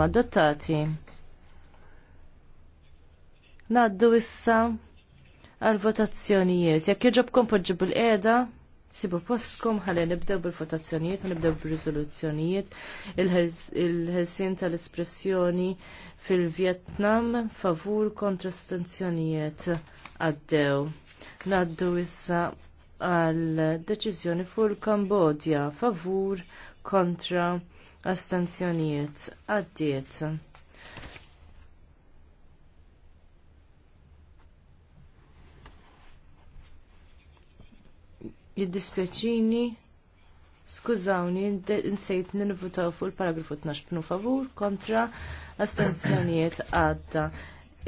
adottati. Naddu issa għal votazzjonijiet. Jekk joġobkom poġġu bil-qeda, sibu postkom ħalli nibdew bil-votazzjonijiet, nibdew bil-riżoluzzjonijiet, il-ħelsin tal-espressjoni fil-Vietnam favur kontra stanzjonijiet għaddew. Naddu issa għal deċiżjoni fuq il-Kambodja favur kontra astenzjonijiet għaddiet. Jiddispjaċini, skużawni, nsejt nivutaw fuq il-paragrafu 12 b'nu favur kontra astensjonijiet għadda.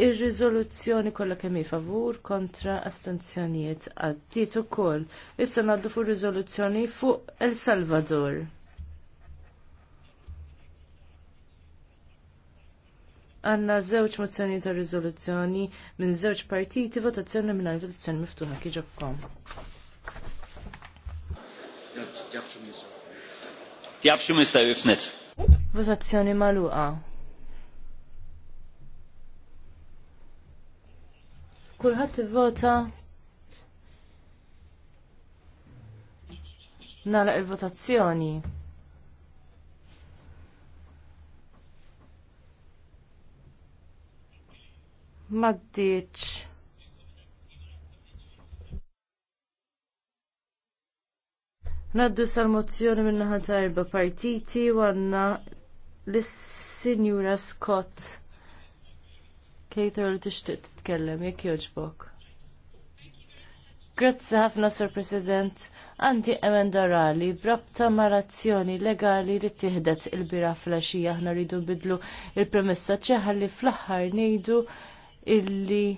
Ir-riżoluzzjoni kollha kemm favur kontra astenzjonijiet għaddiet ukoll. Issa ngħaddu fuq ir riżoluzzjoni fuq El Salvador. għanna żewġ mozzjoni ta' riżoluzzjoni minn żewġ partiti votazzjoni għal votazzjoni miftuħa kieġobkom. Tjabxu mista jifnet. Votazzjoni maluqa. Kulħadd ivvota nagħlaq il-votazzjoni. maddiċ. Naddu sal-mozzjoni minnaħa ta' erba partiti u għanna l-Sinjura Scott. Kejter li tixtieq tkellem, jekk jogħġbok. Grazzi ħafna, Sur President, għandi emenda rali brabta marazzjoni legali li tihdet il-bira flaxija aħna rridu bidlu il-premessa ċeħalli fl-aħħar ngħidu illi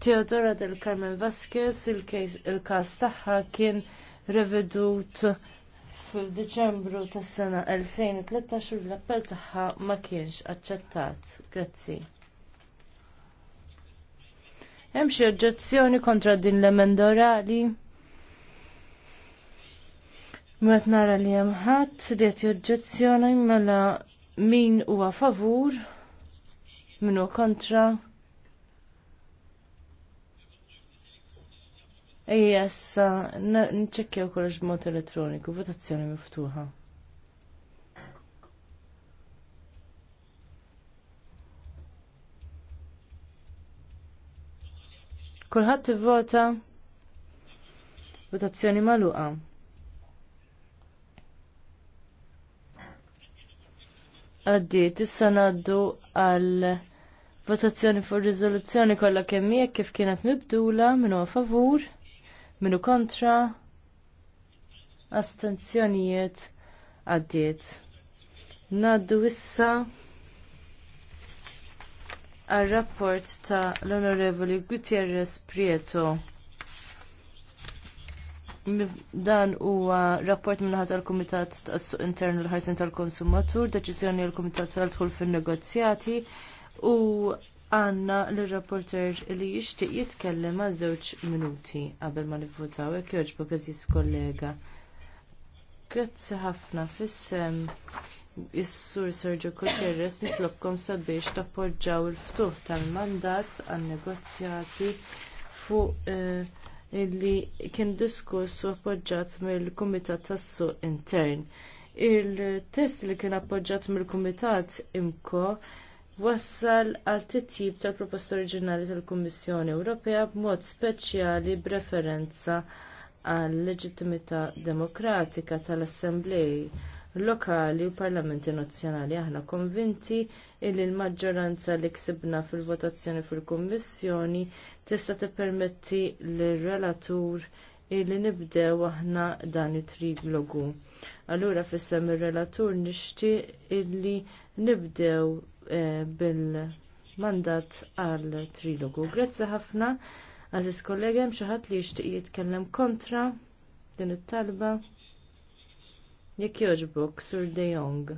Teodora del Carmen Vasquez il-kas tagħha kien revedut fil-Deċembru tas-sena 2013 u l-appell tagħha ma kienx aċċettat. Grazzi. Hemm xi oġġezzjoni kontra din l-emenda orali? Met nara li hemm ħadd li qed joġġezzjoni mela min huwa favur minu kontra. Ejjessa, issa, nċekkjaw kollox mod elettroniku, votazzjoni miftuħa. Kulħadd ivvota votazzjoni magħluqa. Għaddi, issa ngħaddu għal Votazzjoni fuq riżoluzzjoni kollha kemm hija kif kienet mibdula a favur, minnu kontra, astenzjonijiet għaddiet. Naddu issa għal rapport ta' l-Onorevoli Gutierrez Prieto. Dan huwa rapport minnaħat tal-Kumitat tas-Suq Internu l-Ħarsin tal-Konsumatur, deċiżjoni l-Kumitat tal-Dħul fin-Negozjati, u għanna l-rapporter li jixtieq jitkellem għal żewġ minuti qabel ma nivvotaw hekk jogħġbu eżis kollega. Grazzi ħafna fissem is-sur Sergio Guterres nitlobkom sabiex tappoġġaw il-ftuħ tal-mandat għan-negozjati fuq eh, illi kien diskuss u appoġġat mill-Kumitat tas-Suq Intern. Il-test li kien appoġġat mill-Kumitat imko wassal għal titjib tal-proposta oriġinali tal-Kummissjoni Ewropea b'mod speċjali b'referenza għal leġittimità demokratika tal-Assembleji lokali u parlamenti nazzjonali. Aħna konvinti li l-maġġoranza li ksibna fil-votazzjoni fil-Kummissjoni tista' tippermetti lir-relatur illi nibdew aħna dan it-triglogu. Allura fissem ir relatur nixtieq illi nibdew Eh, bil-mandat għal trilogu. Grazzi ħafna, għaziz kollega, ħadd li jishtiq jitkellem kontra din it-talba. Jekk joġbok, Sur De Jong.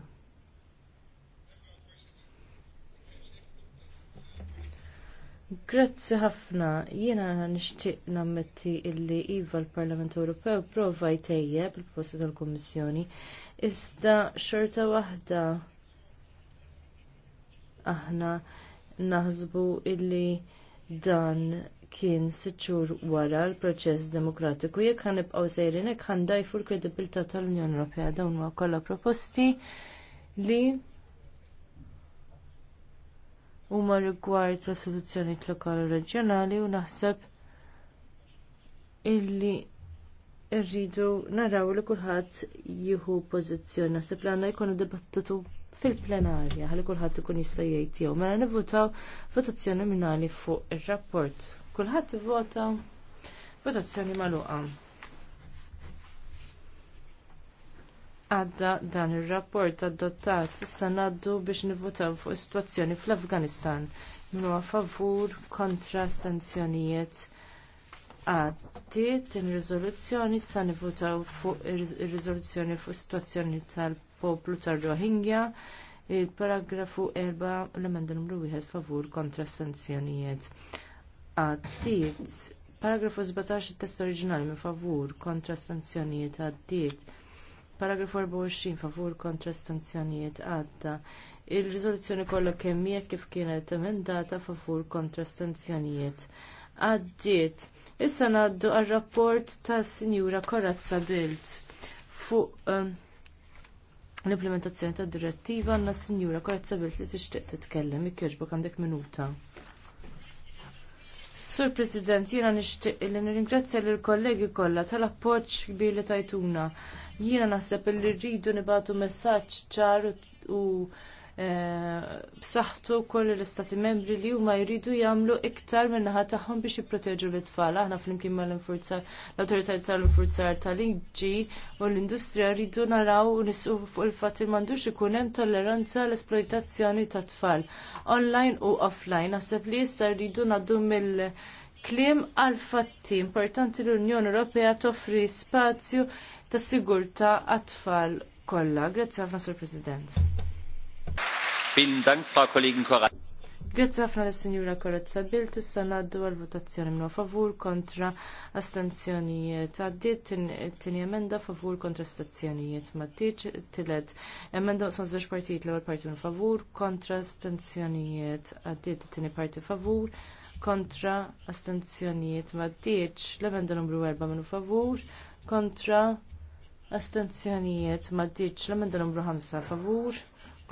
Grazzi ħafna, jiena nixtieq nammetti illi iva l-Parlament Ewropew prova jtejjeb il-posta tal-Kummissjoni, iżda xorta waħda aħna naħsbu illi dan kien siċur wara l-proċess demokratiku jekk ħanibqgħu sejrin hekk ħandajfu l-kredibilità tal-Unjoni Ewropea dawn huwa kollha proposti li huma rigward l-istituzzjonijiet lokali u reġjonali u naħseb illi rridu naraw li kulħadd jieħu pożizzjoni naħseb li għandna jkunu dibattitu fil-plenarja ħalli kulħadd ikun jista' jgħid jew mela nivvutaw votazzjoni nominali fuq ir-rapport. Kulħadd ivvota votazzjoni magħluqa. Għadda dan ir-rapport adottat issa ngħaddu biex nivvutaw fuq is-sitwazzjoni fl-Afganistan huwa favur kontra stanzjonijiet għaddiet in riżoluzzjoni sa nivutaw fuq ir-riżoluzzjoni fuq is-sitwazzjoni tal-poplu tar-Rohingja il-paragrafu 4 l-emenda numru 1 favur kontra sanzjonijiet. Għaddiet paragrafu 17 it-test oriġinali minn favur kontra sanzjonijiet għaddiet. Paragrafu 24 favur kontra sanzjonijiet għadda. Il-riżoluzzjoni kollha kemm hija kif kienet emendata favur kontra sanzjonijiet. Għaddiet Issa ngħaddu għar rapport tas Sinjura Korazza Bilt fuq ehm, l-implementazzjoni tad direttiva għandna Sinjura Korazza Bild li tixtieq titkellem ikkjoġbok għandek minuta. Sur President, jiena nixtieq li nirringrazzja lill kollegi kollha tal-appoġġ kbir li tajtuna. Jiena naħseb li rridu nibatu messaġġ ċar u Eh, b'saħħtu koll l-istati membri li huma jridu jagħmlu iktar min-naħa tagħhom biex jipproteġu l-itfal. Aħna flimkien mal-infurzar l-awtorità tal-infurzar tal-liġi u l-industrija rridu naraw u nisqu fuq il-fatt li m'għandux ikun hemm tolleranza l-esploitazzjoni ta' tfal online u offline. Naħseb li issa rridu ngħaddu mill- kliem għal fatti importanti l-Unjoni Ewropea toffri spazju ta' sigurtà għat-tfal kollha. Grazzi ħafna Sur President. Grazie ħafna l sinjura Korazza Bilt, issa naddu għal-votazzjoni minn favur kontra astenzjonijiet. Għaddiet tini emenda favur kontra astenzjonijiet. Ma tiġ tiled emenda ma żewġ partijiet l-ewwel parti minn favur kontra contro Għaddiet e parti favur kontra astenzjonijiet. Ma tiġ l-emenda numru 4 minn favur kontra astenzjonijiet. Ma tiġ l-emenda numru 5 favur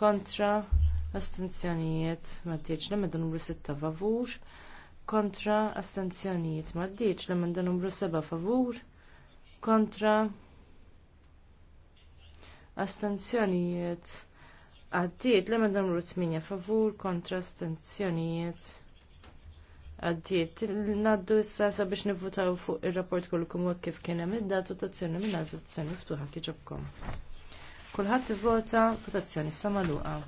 kontra astenzjonijiet maddiċ li emenda numru 6 favur, kontra astenzjonijiet maddiċ li emenda numru 7 favur, kontra astenzjonijiet għaddiet li emenda numru 8 favur, kontra astenzjonijiet għaddiet naddu issa sabiex nivvutaw fuq ir-rapport kollu kum kif kien hemm id-dat votazzjoni minn votazzjoni ftuħa kieġobkom. Kulħadd ivvota votazzjoni sa magħluqa.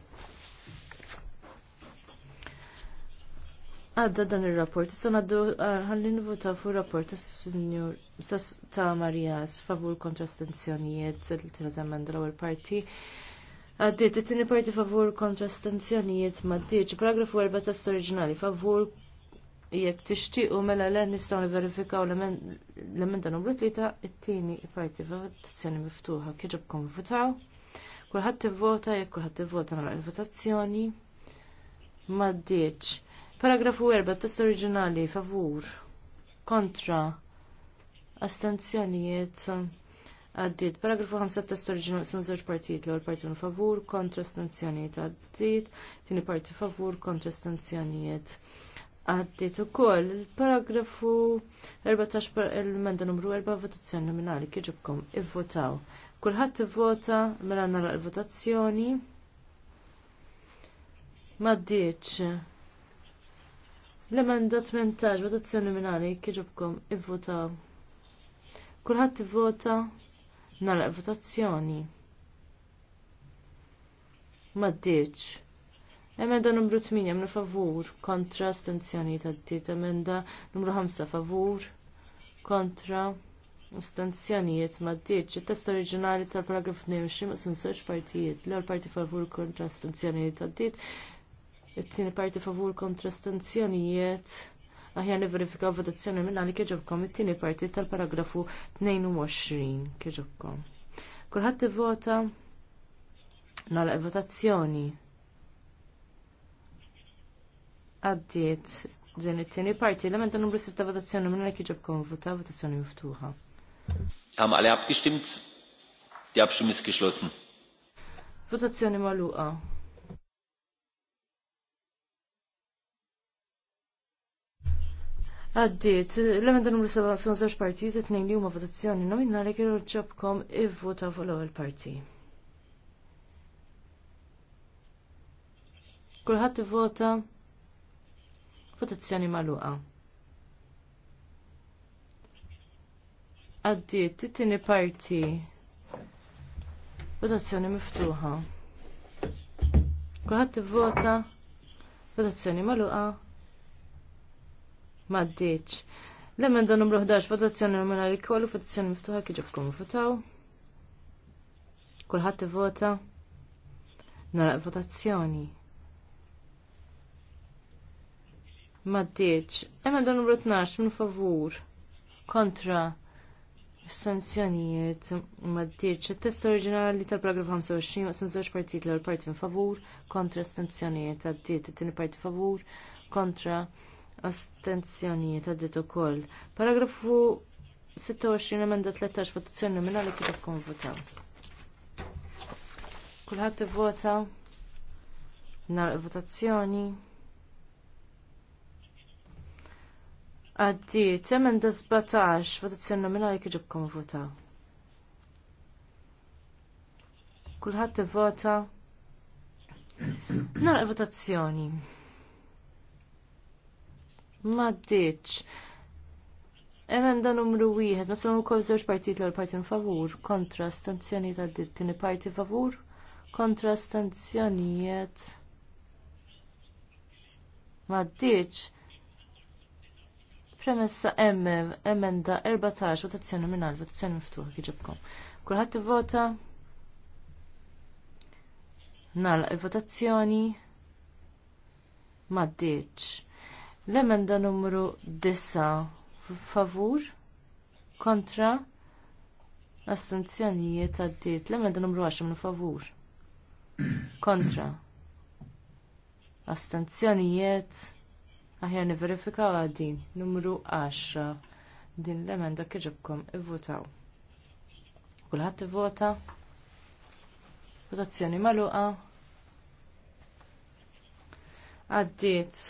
Għadda dan il-rapport, issa għaddu għallin uh, vota fu rapport ta' Marijas favur kontra stenzjonijiet il-trażament l-ewwel parti. Għaddiet, it-tini parti favur kontra stenzjonijiet ma' d paragrafu 4 test oriġinali favur jekk tixtiequ mela l nistgħu niverifikaw l-emenda numru tlieta it-tieni parti votazzjoni miftuħa kieġobkom votaw. Kulħadd ivvota jekk kulħadd tivvota nagħlaq mela il-votazzjoni. M'għaddiex. Paragrafu 4, test oriġinali, favur, kontra, astenzjonijiet, għaddit. Paragrafu 5, test oriġinali, sun zewġ partijiet, l-għol partijun favur, kontra, astenzjonijiet, għaddit, tini parti favur, kontra, astenzjonijiet. Għaddit ukoll il-paragrafu 14 il-menda numru 4 votazzjoni nominali kieġibkom ivvotaw. Kulħadd ivvota mela nara l-votazzjoni. Ma L-emenda 18, votazzjoni minari, kieġobkom, ivvotaw. Kulħadd vota nara votazzjoni. Maddiċ. Emenda numru 8, jemnu favur, kontra stenzjoni tad Emenda numru 5, favur, kontra stanzjonijiet maddiċ it-test oriġinali tal-paragraf 22 maqsum żewġ partijiet l għal parti favur kontra stanzjonijiet għaddiet it-tieni parti favur kontra stanzjonijiet aħjar niverifikaw votazzjoni minna li kieġobkom it-tieni parti tal-paragrafu 22 kieġobkom. Kulħadd ivvota nagħlaq votazzjoni. Għaddiet din it-tieni parti l-emenda numru 6 votazzjoni minn li kieġobkom vota votazzjoni miftuħa. Haben alle abgestimmt? Die Abstimmung ist Votazzjoni magħluqa. Għaddit, l-emenda numru 17 partijiet t nejn li huma votazzjoni nominali kienu ġobkom i-vota fuq l-ewwel parti. Kulħadd ivota votazzjoni magħluqa. Għaddit, it-tieni parti votazzjoni miftuħa. Kulħadd ivvota votazzjoni magħluqa maddiċ. L-emenda numru 11, votazzjoni nominali kollu, votazzjoni miftuħa kieġu f'kum votaw. Kulħadd ivota. Nara votazzjoni. Maddiċ. Emenda numru 12, minn favur. Kontra. Sanzjonijiet maddirċ il-test oriġinali tal-paragraf 25 waqsin żewġ partit l-ewwel minn favur kontra sanzjonijiet għaddiet it-tieni parti favur kontra astenzjonijiet għaddit ukoll. Paragrafu 26 emenda 13 votazzjoni nominali kif tkun votaw. Kulħadd ivvota nar votazzjoni. Għaddiet emenda 17 votazzjoni nominali kif tkun votaw. Kulħadd ivvota nar votazzjoni. Maddiċ. Emenda numru wieħed, naslu ukoll żewġ partit l-ewwel partin favur, kontra stanzjonijiet għaddit tieni parti favur, kontra stanzjonijiet. Maddiċ. Premessa M, emenda 14, votazzjoni mingħajr, votazzjoni miftuħa kieġibkom. Kulħadd ivvota. Nagħlaq il-votazzjoni. Maddiċ. L-emenda numru 9 favur kontra astenzjonijiet għaddiet. L-emenda numru 10 minn favur kontra astenzjonijiet aħjar niverifikaw għaddin. Numru 10 din l-emenda i-votaw. Kulħat Kulħadd vota Votazzjoni magħluqa. Għaddiet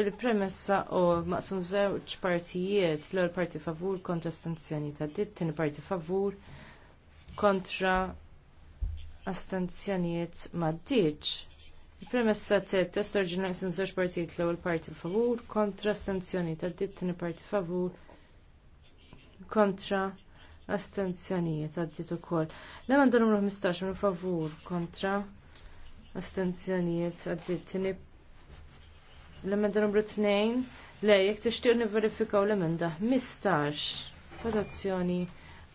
Il-premessa u maqsum żewġ partijiet l ewwel parti favur kontra stanzjoni ta' dit, tieni parti favur kontra astenzjonijiet ma' ditx. Il-premessa te test oriġinali sin żewġ partijiet l ewwel parti favur kontra astenzjoni ta' dit, tieni parti favur kontra astenzjonijiet ta' dit ukoll. Lemma dan numru 15 favur kontra astenzjonijiet għaddit tieni l-emenda numru 2, le, jek tixtiju niverifikaw l-emenda 15, votazzjoni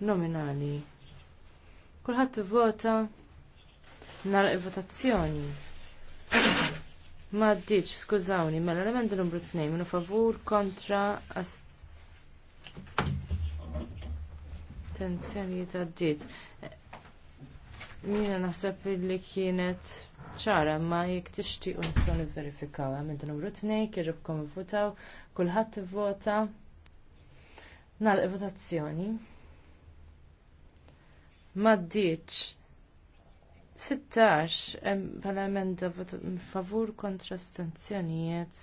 nominali. Kulħadd vota nara votazzjoni. Ma d-dix, skużawni, mela l-emenda numru 2, minu favur kontra ast attenzjoni ta' d-diet. Mina naħseb li kienet ċara, ma jekk tixtiequ nistgħu nivverifikaw. id dan numru tnej, kieġobkom votaw, kulħadd ivvota. Nagħlaq votazzjoni. Ma ddiċ. 16 bħala emenda favur kontra stanzjonijiet.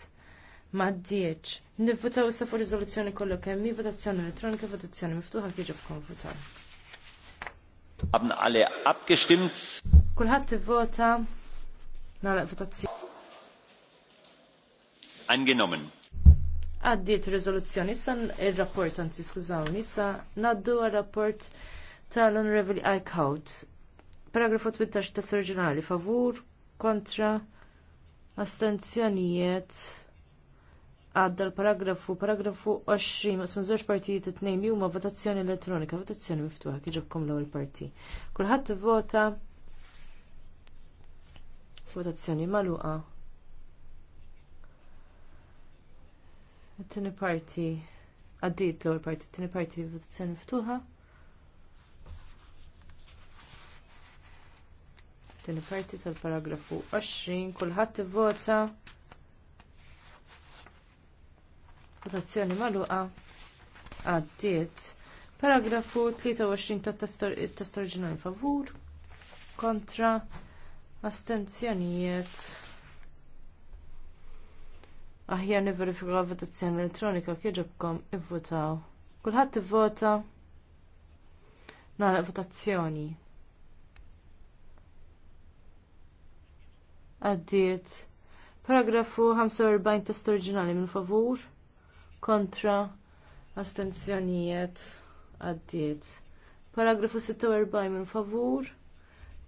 Ma ddiċ. Nivvotaw issa fuq riżoluzzjoni kollu kemm votazzjoni elettronika, votazzjoni miftuħa kieġobkom votaw. Haben alle Kulħadd ivvota. Nara votazzjoni. Angenommen. Għaddiet riżoluzzjoni issa il rapport anzi skużawni, issa ngħaddu għar-rapport tal-Honorable Eichhout. Paragrafu 18 tas oriġinali favur kontra astenzjonijiet għadda l-paragrafu, paragrafu 20, ma sanżoċ partijiet it-nejn li huma votazzjoni elettronika, votazzjoni miftuħa, kieġobkom l-ewwel parti. Kulħadd ivvota Votazzjoni magħluqa. It-tieni parti għaddiet l-ewwel parti, it-tieni parti votazzjoni ftuħa. Tieni parti tal-paragrafu 20, kulħadd ivvota. Votazzjoni magħluqa għaddiet. Paragrafu 23 tat-test oriġinali favur kontra Astenzjonijiet. Aħjar niverifikaw votazzjoni elettronika kieġobkom ivvotaw. Kulħadd ivvota nagħlaq votazzjoni. Għaddiet. Paragrafu 45 test oriġinali minn favur kontra astenzjonijiet għaddiet. Paragrafu 46 minn favur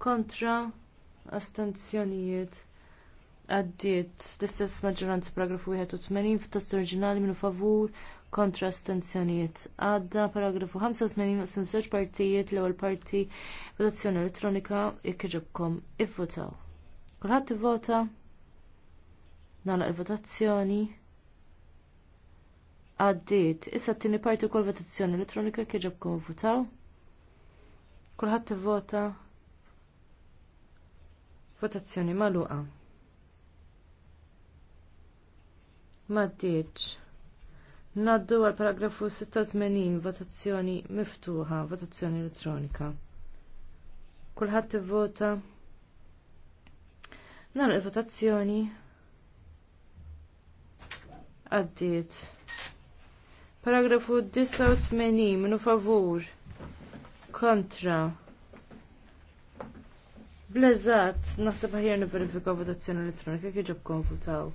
kontra astenzjonijiet għaddiet l-istess maġġoranza paragrafu 81 fit-test oriġinali minn favur kontra astenzjonijiet. Għadda paragrafu 85 sin żewġ partijiet l-ewwel parti votazzjoni elettronika jekk ivvotaw. Kulħadd ivvota nagħlaq il-votazzjoni għaddiet. Issa t-tieni parti wkoll votazzjoni elettronika jekk iġibkom ivvotaw. Kulħadd ivvota Votazzjoni maluqa. Maddiċ. Naddu għal paragrafu 86 votazzjoni miftuħa, votazzjoni elettronika. Kulħadd ivvota. Nar il-votazzjoni għaddiet. Paragrafu 89 minu favur kontra Blezzat, naħseb ħajjar niverifika votazzjoni elettronika kif ġob konfutaw.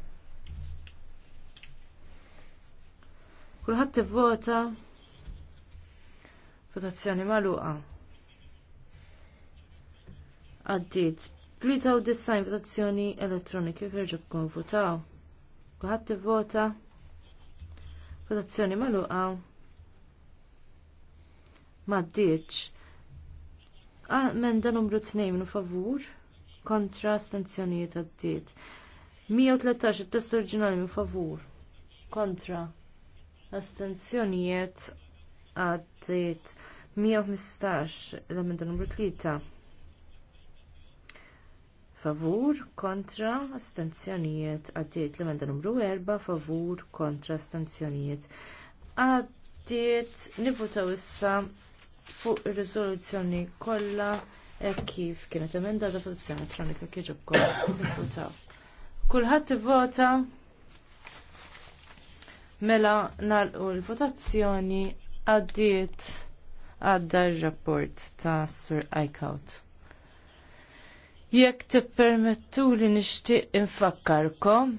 Kulħadd ivvota votazzjoni magħluqa. Għaddiet, tlita u votazzjoni elettronika kif ġob konfutaw. Kulħadd ivvota votazzjoni magħluqa. Ma' ddiċ. Amenda ah, numru 2 minu favur kontra astenzjonijiet għaddiet. 113 il-test oriġinali minn favur kontra astenzjonijiet għaddiet. 115 l-emenda numru 3 favur kontra astenzjonijiet għaddiet. L-emenda numru 4 favur kontra astenzjonijiet għaddiet. Nivutaw issa fuq ir-riżoluzzjoni kollha hekk kif kienet emendata votazzjoni elettronika kif ġobkom. Kulħadd ivvota mela ngħalqu l-votazzjoni għaddiet għadda r-rapport ta' Sur Eichhout. Jekk tippermettu li nixtieq infakkarkom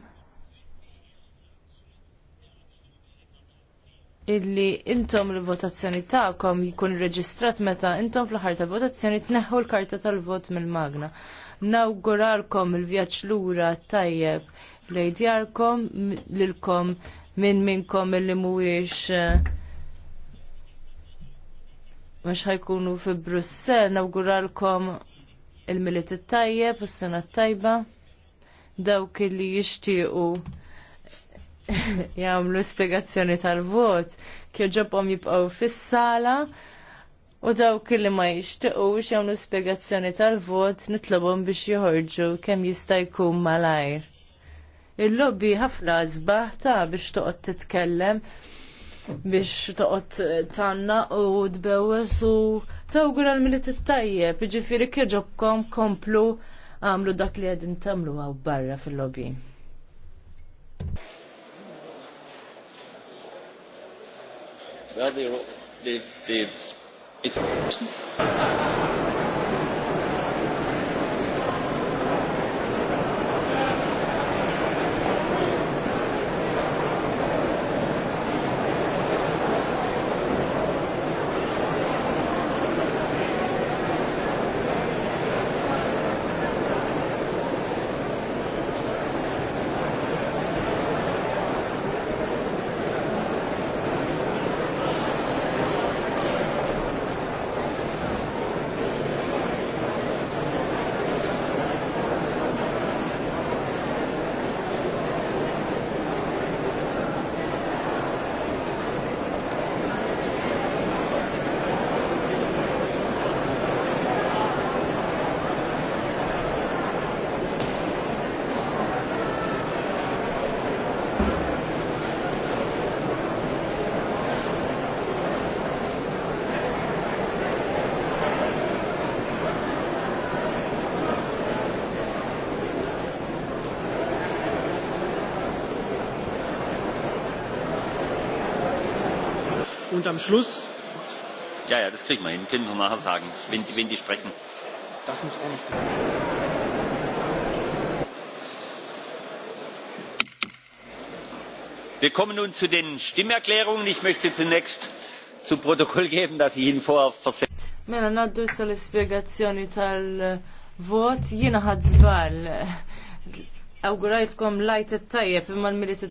illi intom l-votazzjoni tagħkom jkun irreġistrat meta intom fl-aħħar tal-votazzjoni tneħħu l-karta tal-vot mill-magna. Nawguralkom il-vjaġġ lura tajjeb lejdjarkom lilkom minn minnkom illi mhuwiex eh, mux ħajkunu fi Brussel, nawguralkom il-militi tajjeb, u s-sena tajba, dawk li jishtiqu jagħmlu spjegazzjoni tal-vot kieġobhom jibqgħu fis-sala u dawk li ma jixtiequx jagħmlu spjegazzjoni tal-vot nitlobhom biex joħorġu kemm jista' jkun malajr. Il-lobby ħafna ta biex toqgħod titkellem biex toqgħod tanna u tbewwes u tawgur l-mili tittajjeb, jiġifieri ġobkom komplu għamlu dak li qegħdin tagħmluha barra fil-lobby. Well, they, they, they, it's Und am Schluss? Ja, ja, das kriegt man hin. Können wir nachher sagen, wenn, wenn die sprechen. Das muss auch nicht passieren. Wir kommen nun zu den Stimmerklärungen. Ich möchte zunächst zu Protokoll geben, dass ich Ihnen vorher versetzt. Mela naddu sa l-spiegazzjoni tal-vot jiena ħadżbal. Awgurajtkom lajt it tajjeb imma l-militi